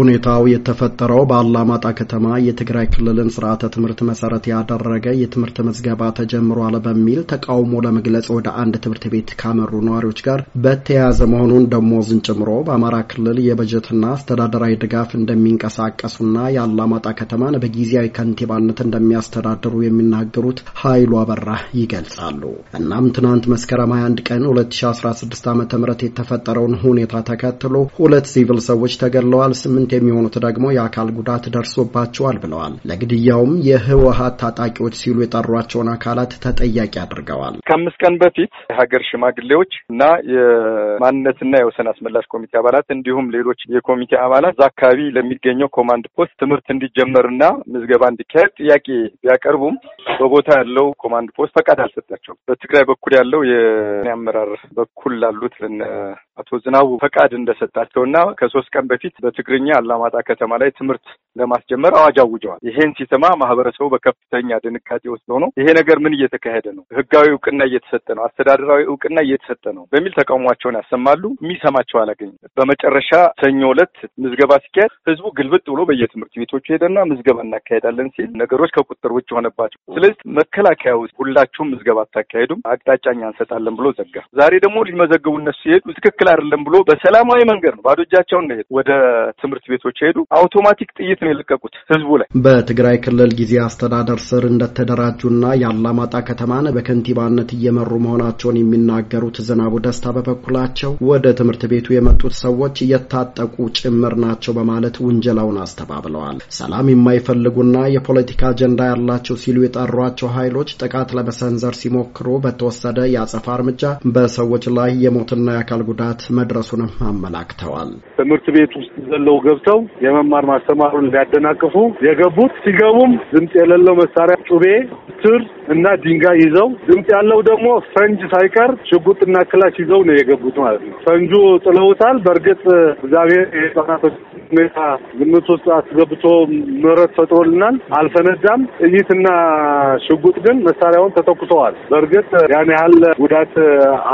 ሁኔታው የተፈጠረው በአላማጣ ከተማ የትግራይ ክልልን ስርዓተ ትምህርት መሰረት ያደረገ የትምህርት ምዝገባ ተጀምሯል በሚል ተቃውሞ ለመግለጽ ወደ አንድ ትምህርት ቤት ካመሩ ነዋሪዎች ጋር በተያያዘ መሆኑን ደሞዝን ጨምሮ በአማራ ክልል የበጀትና አስተዳደራዊ ድጋፍ እንደሚንቀሳቀሱና የአላማጣ ከተማን በጊዜያዊ ከንቲባነት እንደሚያስተዳድሩ የሚናገሩት ኃይሉ አበራ ይገልጻሉ። እናም ትናንት መስከረም 21 ቀን 2016 ዓ ም የተፈጠረውን ሁኔታ ተከትሎ ሁለት ሲቪል ሰዎች ተገድለዋል። ስምንት የሚሆኑት ደግሞ የአካል ጉዳት ደርሶባቸዋል ብለዋል። ለግድያውም የህወሀት ታጣቂዎች ሲሉ የጠሯቸውን አካላት ተጠያቂ አድርገዋል። ከአምስት ቀን በፊት የሀገር ሽማግሌዎች እና የማንነትና የወሰን አስመላሽ ኮሚቴ አባላት እንዲሁም ሌሎች የኮሚቴ አባላት እዛ አካባቢ ለሚገኘው ኮማንድ ፖስት ትምህርት እንዲጀመርና ምዝገባ እንዲካሄድ ጥያቄ ቢያቀርቡም በቦታ ያለው ኮማንድ ፖስት ፈቃድ አልሰጣቸውም። በትግራይ በኩል ያለው የአመራር በኩል ላሉት አቶ ዝናቡ ፈቃድ እንደሰጣቸው እና ከሶስት ቀን በፊት በትግርኛ አላማጣ ከተማ ላይ ትምህርት ለማስጀመር አዋጅ አውጀዋል። ይሄን ሲሰማ ማህበረሰቡ በከፍተኛ ድንጋጤ ውስጥ ሆኖ ይሄ ነገር ምን እየተካሄደ ነው? ህጋዊ እውቅና እየተሰጠ ነው? አስተዳደራዊ እውቅና እየተሰጠ ነው? በሚል ተቃውሟቸውን ያሰማሉ። የሚሰማቸው አላገኝም። በመጨረሻ ሰኞ ዕለት ምዝገባ ሲካሄድ ህዝቡ ግልብጥ ብሎ በየትምህርት ቤቶቹ ሄደና ምዝገባ እናካሄዳለን ሲል ነገሮች ከቁጥር ውጭ ሆነባቸው። ስለዚህ መከላከያ ውስጥ ሁላችሁም ምዝገባ አታካሄዱም፣ አቅጣጫኛ እንሰጣለን ብሎ ዘጋ። ዛሬ ደግሞ ሊመዘግቡ እነሱ ሲሄዱ ትክክል ትክክል አይደለም ብሎ በሰላማዊ መንገድ ነው ባዶ እጃቸውን ነው ወደ ትምህርት ቤቶች ሄዱ። አውቶማቲክ ጥይት ነው የለቀቁት ህዝቡ ላይ። በትግራይ ክልል ጊዜ አስተዳደር ስር እንደተደራጁና የአላማጣ ከተማን በከንቲባነት እየመሩ መሆናቸውን የሚናገሩት ዝናቡ ደስታ በበኩላቸው ወደ ትምህርት ቤቱ የመጡት ሰዎች የታጠቁ ጭምር ናቸው በማለት ውንጀላውን አስተባብለዋል። ሰላም የማይፈልጉና የፖለቲካ አጀንዳ ያላቸው ሲሉ የጠሯቸው ኃይሎች ጥቃት ለመሰንዘር ሲሞክሩ በተወሰደ የአጸፋ እርምጃ በሰዎች ላይ የሞትና የአካል ጉዳት ጉዳት መድረሱንም አመላክተዋል። ትምህርት ቤት ውስጥ ዘለው ገብተው የመማር ማስተማሩን ሊያደናቅፉ የገቡት ሲገቡም ድምፅ የሌለው መሳሪያ ጩቤ፣ ትር እና ድንጋይ ይዘው ድምፅ ያለው ደግሞ ፈንጅ ሳይቀር ሽጉጥና ክላሽ ይዘው ነው የገቡት ማለት ነው። ፈንጁ ጥለውታል። በእርግጥ እግዚአብሔር የህጻናቶች ሁኔታ ግምት ውስጥ አስገብቶ ምህረት ፈጥሮልናል። አልፈነዳም። ጥይትና ሽጉጥ ግን መሳሪያውን ተተኩሰዋል። በእርግጥ ያን ያህል ጉዳት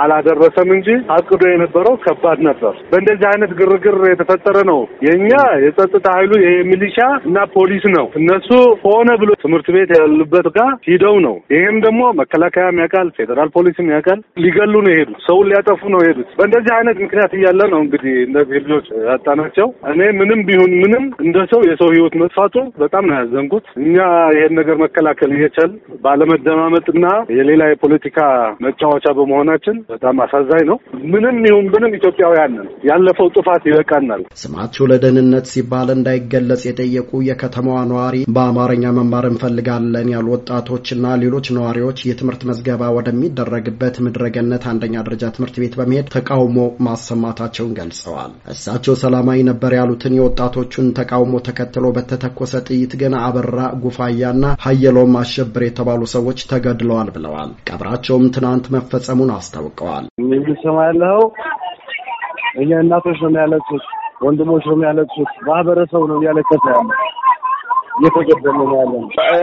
አላደረሰም እንጂ አቅዶ የነበረው ከባድ ነበር። በእንደዚህ አይነት ግርግር የተፈጠረ ነው። የእኛ የጸጥታ ኃይሉ ይሄ ሚሊሻ እና ፖሊስ ነው። እነሱ ከሆነ ብሎ ትምህርት ቤት ያሉበት ጋር ሂደው ነው። ይህም ደግሞ መከላከያም ያውቃል፣ ፌዴራል ፖሊስም ያውቃል። ሊገሉ ነው የሄዱት። ሰውን ሊያጠፉ ነው የሄዱት። በእንደዚህ አይነት ምክንያት እያለ ነው እንግዲህ እነዚህ ልጆች ያጣናቸው እኔ ምንም ቢሆን ምንም እንደ ሰው የሰው ህይወት መጥፋቱ በጣም ነው ያዘንኩት። እኛ ይሄን ነገር መከላከል እየቻል ባለመደማመጥና የሌላ የፖለቲካ መጫወቻ በመሆናችን በጣም አሳዛኝ ነው። ምንም ይሁን ምንም ኢትዮጵያውያን ያለፈው ጥፋት ይበቃናል። ስማቸው ለደህንነት ሲባል እንዳይገለጽ የጠየቁ የከተማዋ ነዋሪ በአማርኛ መማር እንፈልጋለን ያሉ ወጣቶችና ሌሎች ነዋሪዎች የትምህርት መዝገባ ወደሚደረግበት ምድረገነት አንደኛ ደረጃ ትምህርት ቤት በመሄድ ተቃውሞ ማሰማታቸውን ገልጸዋል። እሳቸው ሰላማዊ ነበር ያሉትን ግን የወጣቶቹን ተቃውሞ ተከትሎ በተተኮሰ ጥይት ግን አበራ ጉፋያና ሀየሎም አሸብር የተባሉ ሰዎች ተገድለዋል ብለዋል። ቀብራቸውም ትናንት መፈጸሙን አስታውቀዋል። ሰማ ያለው እኛ እናቶች ነው የሚያለቅሱት፣ ወንድሞች ነው የሚያለቅሱት፣ ማህበረሰቡ ነው እያለቀሰ ያለ እየተገደለ ነው ያለ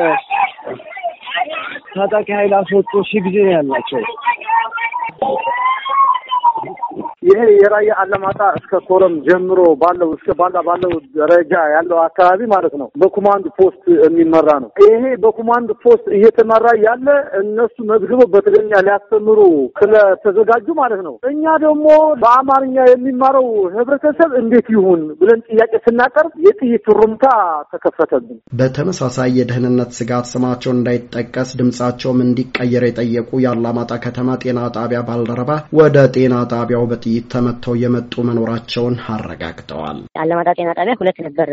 ታጣቂ ኃይል አስወጡ ሺ ጊዜ ነው ያላቸው ይሄ የራያ አላማጣ እስከ ኮረም ጀምሮ ባለው እስከ ባላ ባለው ደረጃ ያለው አካባቢ ማለት ነው በኮማንድ ፖስት የሚመራ ነው። ይሄ በኮማንድ ፖስት እየተመራ ያለ እነሱ መዝግበው በትግርኛ ሊያስተምሩ ስለተዘጋጁ ማለት ነው። እኛ ደግሞ በአማርኛ የሚማረው ህብረተሰብ እንዴት ይሁን ብለን ጥያቄ ስናቀርብ የጥይት ሩምታ ተከፈተብን። በተመሳሳይ የደህንነት ስጋት ስማቸውን እንዳይጠቀስ ድምጻቸውም እንዲቀየር የጠየቁ የአላማጣ ከተማ ጤና ጣቢያ ባልደረባ ወደ ጤና ጣቢያው በጥ በጥይት ተመተው የመጡ መኖራቸውን አረጋግጠዋል። አለማጣ ጤና ጣቢያ ሁለት ነበር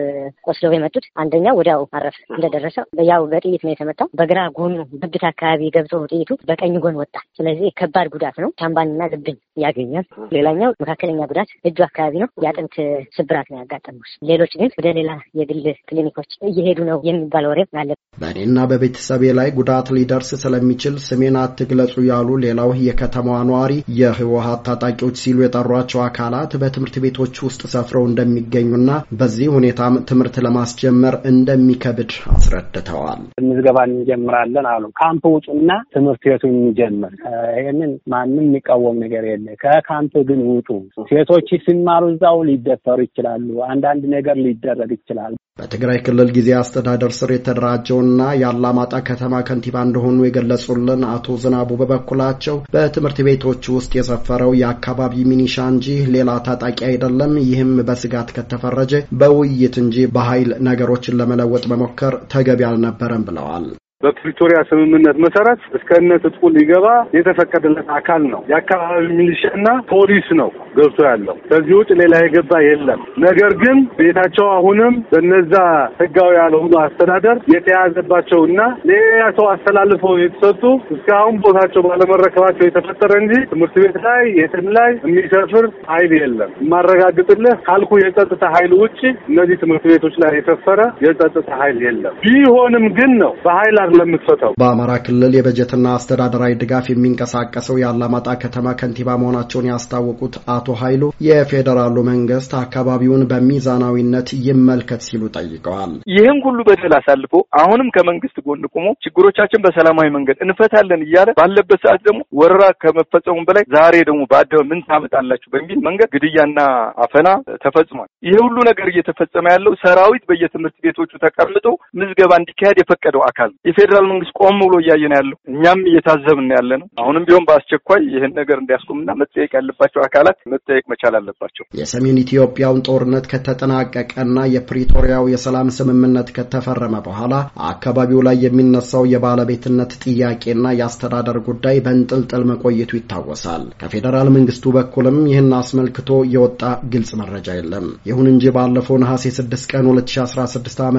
ቆስለው የመጡት። አንደኛው ወዲያው አረፍ እንደደረሰው ያው በጥይት ነው የተመታው። በግራ ጎኑ ብብት አካባቢ ገብቶ ጥይቱ በቀኝ ጎን ወጣ። ስለዚህ ከባድ ጉዳት ነው። ሻምባንና ልብን ያገኛል። ሌላኛው መካከለኛ ጉዳት እጁ አካባቢ ነው። የአጥንት ስብራት ነው ያጋጠሙት። ሌሎች ግን ወደ ሌላ የግል ክሊኒኮች እየሄዱ ነው የሚባል ወሬ አለ። በእኔና በቤተሰቤ ላይ ጉዳት ሊደርስ ስለሚችል ስሜን አትግለጹ ያሉ ሌላው የከተማዋ ነዋሪ የህወሀት ታጣቂዎች ሲሉ የጠሯቸው አካላት በትምህርት ቤቶች ውስጥ ሰፍረው እንደሚገኙና በዚህ ሁኔታም ትምህርት ለማስጀመር እንደሚከብድ አስረድተዋል። ምዝገባ እንጀምራለን አሉ። ካምፕ ውጡና ትምህርት ቤቱ የሚጀምር ይህንን ማንም የሚቃወም ነገር የለም። ከካምፕ ግን ውጡ። ሴቶች ሲማሩ እዛው ሊደፈሩ ይችላሉ። አንዳንድ ነገር ሊደረግ ይችላል። በትግራይ ክልል ጊዜ አስተዳደር ስር የተደራጀውና የአላማጣ ከተማ ከንቲባ እንደሆኑ የገለጹልን አቶ ዝናቡ በበኩላቸው በትምህርት ቤቶች ውስጥ የሰፈረው የአካባቢ ሚኒሻ እንጂ ሌላ ታጣቂ አይደለም። ይህም በስጋት ከተፈረጀ በውይይት እንጂ በኃይል ነገሮችን ለመለወጥ መሞከር ተገቢ አልነበረም ብለዋል። በፕሪቶሪያ ስምምነት መሰረት እስከነ ትጥቁ ሊገባ የተፈቀደለት አካል ነው። የአካባቢ ሚሊሻና ፖሊስ ነው ገብቶ ያለው። ከዚህ ውጭ ሌላ የገባ የለም። ነገር ግን ቤታቸው አሁንም በነዛ ህጋዊ ያልሆኑ አስተዳደር የተያዘባቸው እና ሌላ ሰው አስተላልፈው የተሰጡ እስካሁን ቦታቸው ባለመረከባቸው የተፈጠረ እንጂ ትምህርት ቤት ላይ የትም ላይ የሚሰፍር ኃይል የለም። የማረጋግጥልህ ካልኩ የጸጥታ ኃይል ውጭ እነዚህ ትምህርት ቤቶች ላይ የሰፈረ የጸጥታ ኃይል የለም። ቢሆንም ግን ነው በኃይል አይደለም የምትፈታው። በአማራ ክልል የበጀትና አስተዳደራዊ ድጋፍ የሚንቀሳቀሰው የአላማጣ ከተማ ከንቲባ መሆናቸውን ያስታወቁት አቶ ኃይሉ የፌዴራሉ መንግስት አካባቢውን በሚዛናዊነት ይመልከት ሲሉ ጠይቀዋል። ይህን ሁሉ በደል አሳልፎ አሁንም ከመንግስት ጎን ቆሞ ችግሮቻችን በሰላማዊ መንገድ እንፈታለን እያለ ባለበት ሰዓት ደግሞ ወረራ ከመፈጸሙ በላይ ዛሬ ደግሞ በአደባባይ ምን ታመጣላችሁ በሚል መንገድ ግድያና አፈና ተፈጽሟል። ይህ ሁሉ ነገር እየተፈጸመ ያለው ሰራዊት በየትምህርት ቤቶቹ ተቀምጦ ምዝገባ እንዲካሄድ የፈቀደው አካል ነው። የፌዴራል መንግስት ቆም ብሎ እያየ ነው ያለው። እኛም እየታዘብን ያለ ነው። አሁንም ቢሆን በአስቸኳይ ይህን ነገር እንዲያስቆምና መጠየቅ ያለባቸው አካላት መጠየቅ መቻል አለባቸው። የሰሜን ኢትዮጵያውን ጦርነት ከተጠናቀቀና የፕሪቶሪያው የሰላም ስምምነት ከተፈረመ በኋላ አካባቢው ላይ የሚነሳው የባለቤትነት ጥያቄና የአስተዳደር ጉዳይ በንጥልጥል መቆየቱ ይታወሳል። ከፌዴራል መንግስቱ በኩልም ይህን አስመልክቶ የወጣ ግልጽ መረጃ የለም። ይሁን እንጂ ባለፈው ነሐሴ 6 ቀን 2016 ዓ ም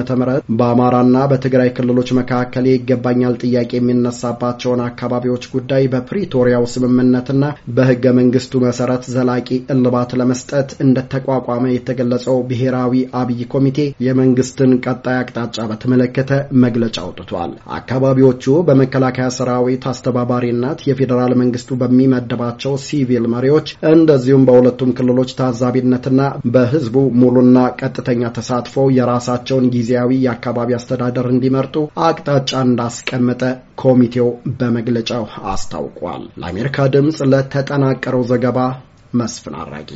በአማራና በትግራይ ክልሎች መካከል የይገባኛል ጥያቄ የሚነሳባቸውን አካባቢዎች ጉዳይ በፕሪቶሪያው ስምምነትና በህገ መንግስቱ መሰረት ዘላቂ እልባት ለመስጠት እንደተቋቋመ የተገለጸው ብሔራዊ አብይ ኮሚቴ የመንግስትን ቀጣይ አቅጣጫ በተመለከተ መግለጫ አውጥቷል። አካባቢዎቹ በመከላከያ ሰራዊት አስተባባሪነት የፌዴራል መንግስቱ በሚመድባቸው ሲቪል መሪዎች እንደዚሁም በሁለቱም ክልሎች ታዛቢነትና በህዝቡ ሙሉና ቀጥተኛ ተሳትፎ የራሳቸውን ጊዜያዊ የአካባቢ አስተዳደር እንዲመርጡ አቅጣጫ እንዳስቀመጠ ኮሚቴው በመግለጫው አስታውቋል። ለአሜሪካ ድምፅ ለተጠናቀረው ዘገባ መስፍን አራጌ